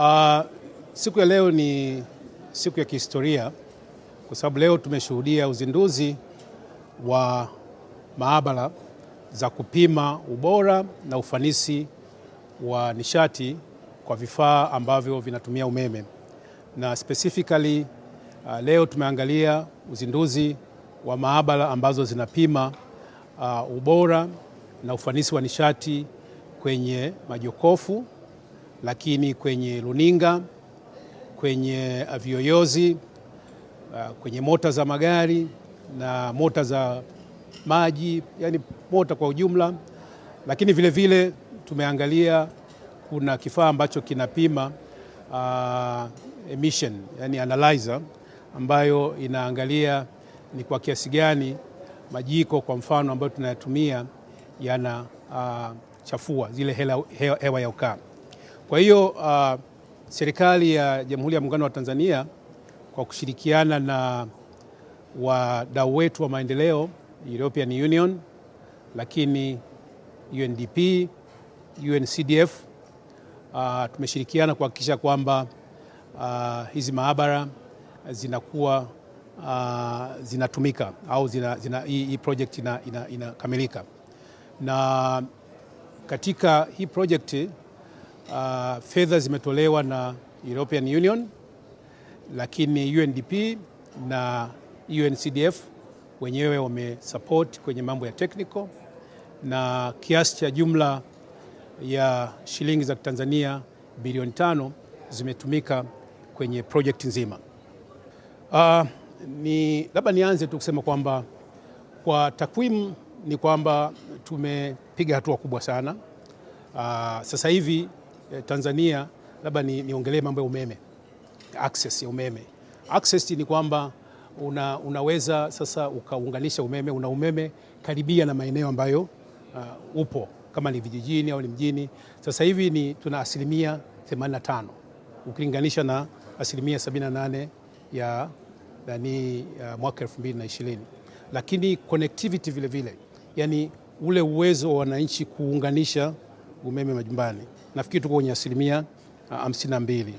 Uh, siku ya leo ni siku ya kihistoria kwa sababu leo tumeshuhudia uzinduzi wa maabara za kupima ubora na ufanisi wa nishati kwa vifaa ambavyo vinatumia umeme na specifically uh, leo tumeangalia uzinduzi wa maabara ambazo zinapima uh, ubora na ufanisi wa nishati kwenye majokofu lakini kwenye runinga, kwenye uh, viyoyozi, uh, kwenye mota za magari na mota za maji, yani mota kwa ujumla. Lakini vile vile tumeangalia kuna kifaa ambacho kinapima uh, emission, yani analyzer ambayo inaangalia ni kwa kiasi gani majiko kwa mfano ambayo tunayatumia yana uh, chafua zile hewa, hewa ya ukaa. Kwa hiyo uh, serikali ya Jamhuri ya Muungano wa Tanzania kwa kushirikiana na wadau wetu wa maendeleo European Union, lakini UNDP, UNCDF uh, tumeshirikiana kuhakikisha kwamba uh, hizi maabara zinakuwa uh, zinatumika au zina, zina, hii project inakamilika ina, ina na katika hii project uh, fedha zimetolewa na European Union, lakini UNDP na UNCDF wenyewe wamesupport kwenye mambo ya technical na kiasi cha jumla ya shilingi za Tanzania bilioni tano zimetumika kwenye project nzima. Uh, ni labda nianze tu kusema kwamba kwa takwimu ni kwamba tumepiga hatua kubwa sana. Uh, sasa hivi Eh, Tanzania, labda niongelee ni mambo ya umeme, access ya umeme. Access ni kwamba una, unaweza sasa ukaunganisha umeme, una umeme karibia na maeneo ambayo uh, upo kama ni vijijini au ni mjini. Sasa hivi ni tuna asilimia 85 ukilinganisha na asilimia 78 ya nani uh, mwaka 2020, lakini connectivity vile vile, yani ule uwezo wa wananchi kuunganisha umeme majumbani. Nafikiri tuko kwenye asilimia ah, hamsini na mbili.